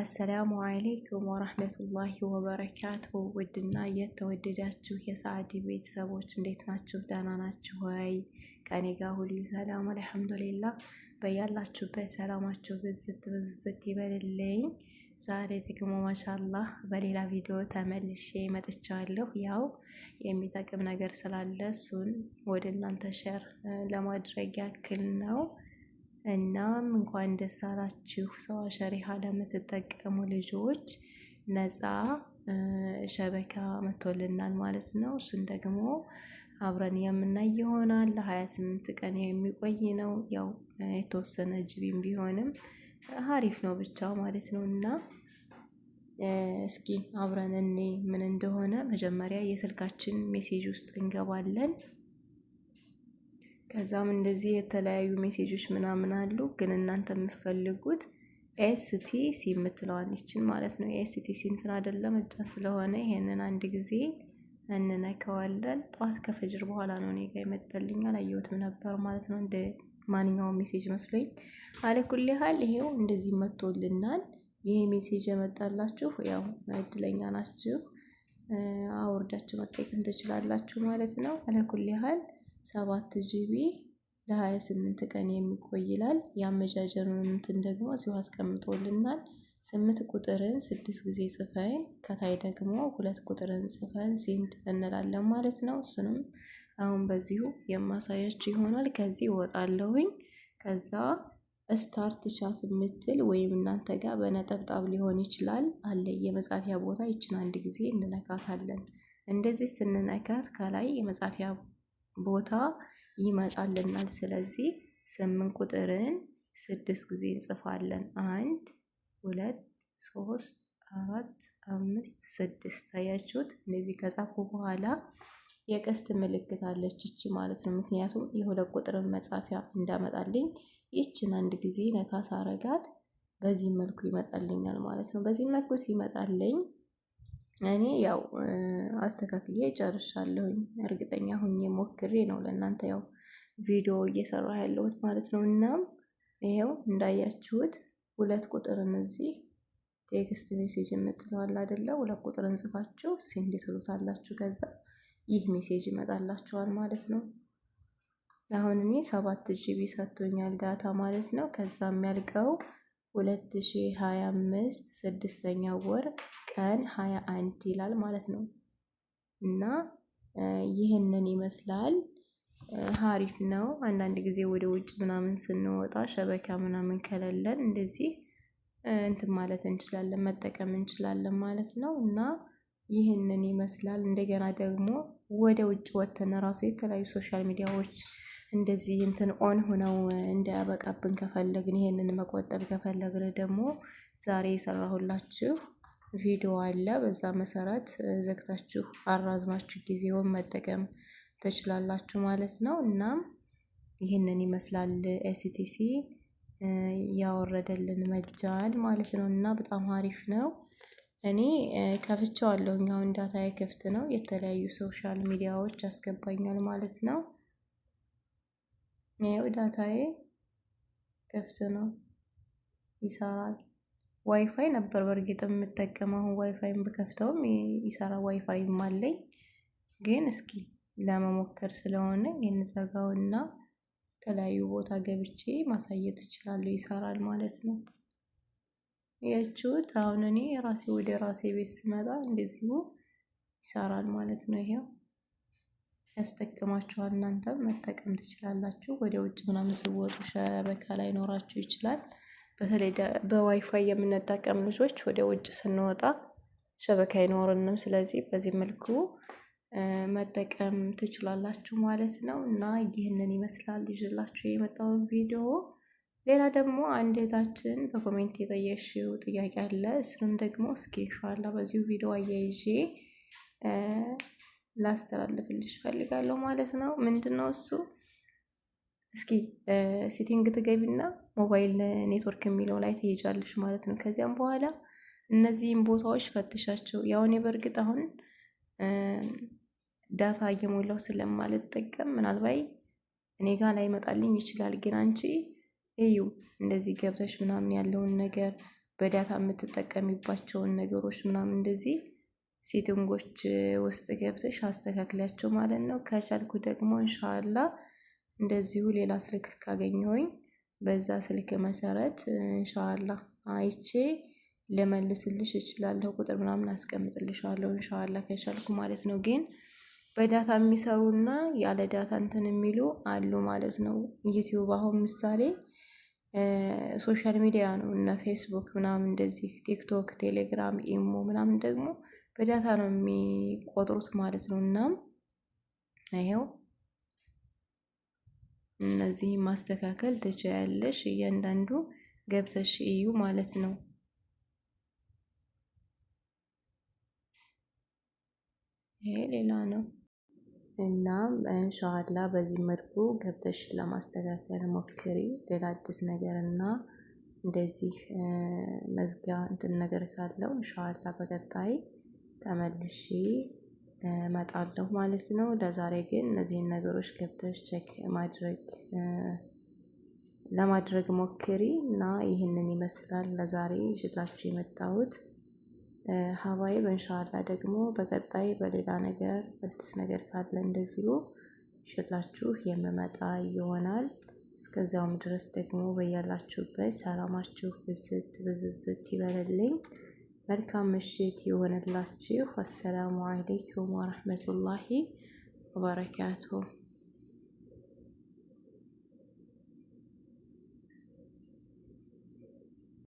አሰላሙ አሌይኩም ወረህመቱላሂ ወበረካቱሁ። ውድና የተወደዳችሁ የሰዓዲ ቤተሰቦች እንዴት ናችሁ? ደህና ናችሁ ወይ? ከኔ ጋር ሁሉ ሰላም አልሐምዱሊላ። በያላችሁበት ሰላማችሁ ብዝት ብዝት ይበልልኝ። ዛሬ ደግሞ ማሻላህ በሌላ ቪዲዮ ተመልሼ መጥቻለሁ። ያው የሚጠቅም ነገር ስላለ እሱን ወደ እናንተ ሸር ለማድረግ ያክል ነው። እናም እንኳን ደስ አላችሁ ሰው አሸሪ ለምትጠቀሙ ልጆች ነፃ ሸበካ መቶልናል ማለት ነው። እሱን ደግሞ አብረን የምናይ ይሆናል። ለሀያ ስምንት ቀን የሚቆይ ነው። ያው የተወሰነ ጅቢም ቢሆንም ሀሪፍ ነው ብቻ ማለት ነው እና እስኪ አብረን እኔ ምን እንደሆነ መጀመሪያ የስልካችን ሜሴጅ ውስጥ እንገባለን። ከዛም እንደዚህ የተለያዩ ሜሴጆች ምናምን አሉ። ግን እናንተ የምትፈልጉት ኤስቲሲ የምትለዋን ይችን ማለት ነው። የኤስቲሲ እንትን አይደለም እጫ ስለሆነ ይሄንን አንድ ጊዜ እንነከዋለን። ጠዋት ከፈጅር በኋላ ነው እኔ ጋ ይመጣልኛ አላየሁትም ነበር ማለት ነው። እንደ ማንኛውም ሜሴጅ መስሎኝ አለኩል ያህል ይሄው እንደዚህ መጥቶልናል። ይሄ ሜሴጅ የመጣላችሁ ያው እድለኛ ናችሁ፣ አውርዳችሁ መጠቀም ትችላላችሁ ማለት ነው። አለኩል ያህል ሰባት ጂቢ ለሀያ ስምንት ቀን የሚቆይ ይላል። የአመጃጀኑን እንትን ደግሞ እዚሁ አስቀምጦልናል። ስምንት ቁጥርን ስድስት ጊዜ ጽፈን ከታይ ደግሞ ሁለት ቁጥርን ጽፈን ሴንድ እንላለን ማለት ነው። እሱንም አሁን በዚሁ የማሳያችሁ ይሆናል። ከዚህ ወጣለሁኝ። ከዛ ስታርት ቻት የምትል ወይም እናንተ ጋር በነጠብጣብ ሊሆን ይችላል አለ የመጻፊያ ቦታ ይችን አንድ ጊዜ እንነካታለን። እንደዚህ ስንነካት ከላይ የመጻፊያ ቦታ ይመጣልናል። ስለዚህ ስምንት ቁጥርን ስድስት ጊዜ እንጽፋለን። አንድ ሁለት ሶስት አራት አምስት ስድስት። ታያችሁት? እነዚህ ከጻፉ በኋላ የቀስት ምልክት አለች ይቺ ማለት ነው። ምክንያቱም የሁለት ቁጥርን መጻፊያ እንዳመጣልኝ ይችን አንድ ጊዜ ነካ ሳረጋት በዚህ መልኩ ይመጣልኛል ማለት ነው። በዚህ መልኩ ሲመጣልኝ እኔ ያው አስተካክዬ ጨርሻለሁኝ። እርግጠኛ ሁኜ ሞክሬ ነው ለእናንተ ያው ቪዲዮ እየሰራ ያለሁት ማለት ነው። እናም ይሄው እንዳያችሁት ሁለት ቁጥር እዚህ ቴክስት ሜሴጅ የምትለዋል አደለ? ሁለት ቁጥር እንጽፋችሁ ሴንድ ትሉታላችሁ። ከዛ ይህ ሜሴጅ ይመጣላችኋል ማለት ነው። አሁን እኔ ሰባት ጂቢ ሰጥቶኛል ዳታ ማለት ነው። ከዛ የሚያልቀው 2025 ስድስተኛ ወር ቀን 21 ይላል ማለት ነው። እና ይህንን ይመስላል። ሀሪፍ ነው። አንዳንድ ጊዜ ወደ ውጭ ምናምን ስንወጣ ሸበካ ምናምን ከሌለን እንደዚህ እንትን ማለት እንችላለን መጠቀም እንችላለን ማለት ነው። እና ይህንን ይመስላል። እንደገና ደግሞ ወደ ውጭ ወጥተን ራሱ የተለያዩ ሶሻል ሚዲያዎች እንደዚህ እንትን ኦን ሆነው እንዳያበቃብን ከፈለግን ይሄንን መቆጠብ ከፈለግን ደግሞ ዛሬ የሰራሁላችሁ ቪዲዮ አለ። በዛ መሰረት ዘግታችሁ አራዝማችሁ ጊዜውን መጠቀም ትችላላችሁ ማለት ነው። እናም ይህንን ይመስላል ኤስቲሲ ያወረደልን መጃን ማለት ነው። እና በጣም አሪፍ ነው። እኔ ከፍቼዋለሁ። እኛው እንዳታየ ክፍት ነው። የተለያዩ ሶሻል ሚዲያዎች ያስገባኛል ማለት ነው። ይኸው ዳታዬ ክፍት ነው ይሰራል። ዋይፋይ ነበር በእርግጥ የምጠቀመው አሁን ዋይፋይም ብከፍተውም ይሰራል። ዋይፋይም አለኝ ግን እስኪ ለመሞከር ስለሆነ ይሄን ዘጋውና የተለያዩ ቦታ ገብቼ ማሳየት እችላለሁ። ይሰራል ማለት ነው። ያችሁት አሁን እኔ ራሴ ወደ ራሴ ቤት ስመጣ እንደዚሁ ይሰራል ማለት ነው። ይሄው ያስጠቅማችኋል። እናንተም መጠቀም ትችላላችሁ። ወደ ውጭ ምናምን ስወጡ ሸበካ ላይኖራችሁ ይችላል። በተለይ በዋይፋይ የምንጠቀም ልጆች ወደ ውጭ ስንወጣ ሸበካ አይኖርንም። ስለዚህ በዚህ መልኩ መጠቀም ትችላላችሁ ማለት ነው እና ይህንን ይመስላል ይዤላችሁ የመጣው ቪዲዮ። ሌላ ደግሞ አንድ እህታችን በኮሜንት የጠየሽው ጥያቄ አለ። እሱንም ደግሞ እስኪ ኢንሻላህ በዚሁ ቪዲዮ አያይዤ ላስተላልፍልሽ ፈልጋለሁ ማለት ነው። ምንድን ነው እሱ? እስኪ ሴቲንግ ትገቢና ሞባይል ኔትወርክ የሚለው ላይ ትሄጃለሽ ማለት ነው። ከዚያም በኋላ እነዚህም ቦታዎች ፈትሻቸው። ያው እኔ በእርግጥ አሁን ዳታ እየሞላው ስለማልጠቀም ምናልባይ እኔ ጋር ላይመጣልኝ ይችላል። ግን አንቺ እዩ እንደዚህ ገብተሽ ምናምን ያለውን ነገር በዳታ የምትጠቀሚባቸውን ነገሮች ምናምን እንደዚህ ሴቲንጎች ውስጥ ገብተሽ አስተካክላቸው ማለት ነው። ከቻልኩ ደግሞ እንሻላ እንደዚሁ ሌላ ስልክ ካገኘሁኝ በዛ ስልክ መሰረት እንሻላ አይቼ ልመልስልሽ እችላለሁ። ቁጥር ምናምን አስቀምጥልሻለሁ እንሻላ ከቻልኩ ማለት ነው። ግን በዳታ የሚሰሩና ያለ ዳታ እንትን የሚሉ አሉ ማለት ነው። ዩቲዩብ አሁን ምሳሌ ሶሻል ሚዲያ ነው እና ፌስቡክ ምናምን እንደዚህ ቲክቶክ፣ ቴሌግራም፣ ኢሞ ምናምን ደግሞ በዳታ ነው የሚቆጥሩት ማለት ነው። እና ይሄው እነዚህ ማስተካከል ትችያለሽ። እያንዳንዱ ገብተሽ እዩ ማለት ነው። ይሄ ሌላ ነው። እናም እንሻላ በዚህ መልኩ ገብተሽ ለማስተካከል ሞክሪ። ሌላ አዲስ ነገር እና እንደዚህ መዝጊያ እንትን ነገር ካለው እንሻላ በቀጣይ ተመልሼ መጣለሁ ማለት ነው። ለዛሬ ግን እነዚህን ነገሮች ገብተሽ ቼክ ማድረግ ለማድረግ ሞክሪ እና ይህንን ይመስላል ለዛሬ ይዤላችሁ የመጣሁት ሀባይ በእንሻላ ደግሞ በቀጣይ በሌላ ነገር አዲስ ነገር ካለ እንደዚሁ ይዤላችሁ የምመጣ ይሆናል። እስከዚያውም ድረስ ደግሞ በያላችሁበት ሰላማችሁ ብዝት ብዝዝት ይበልልኝ። መልካም ምሽት ይሆንላችሁ። አሰላሙ አሌይኩም ወረሕመቱላሂ ወበረካቱሁ።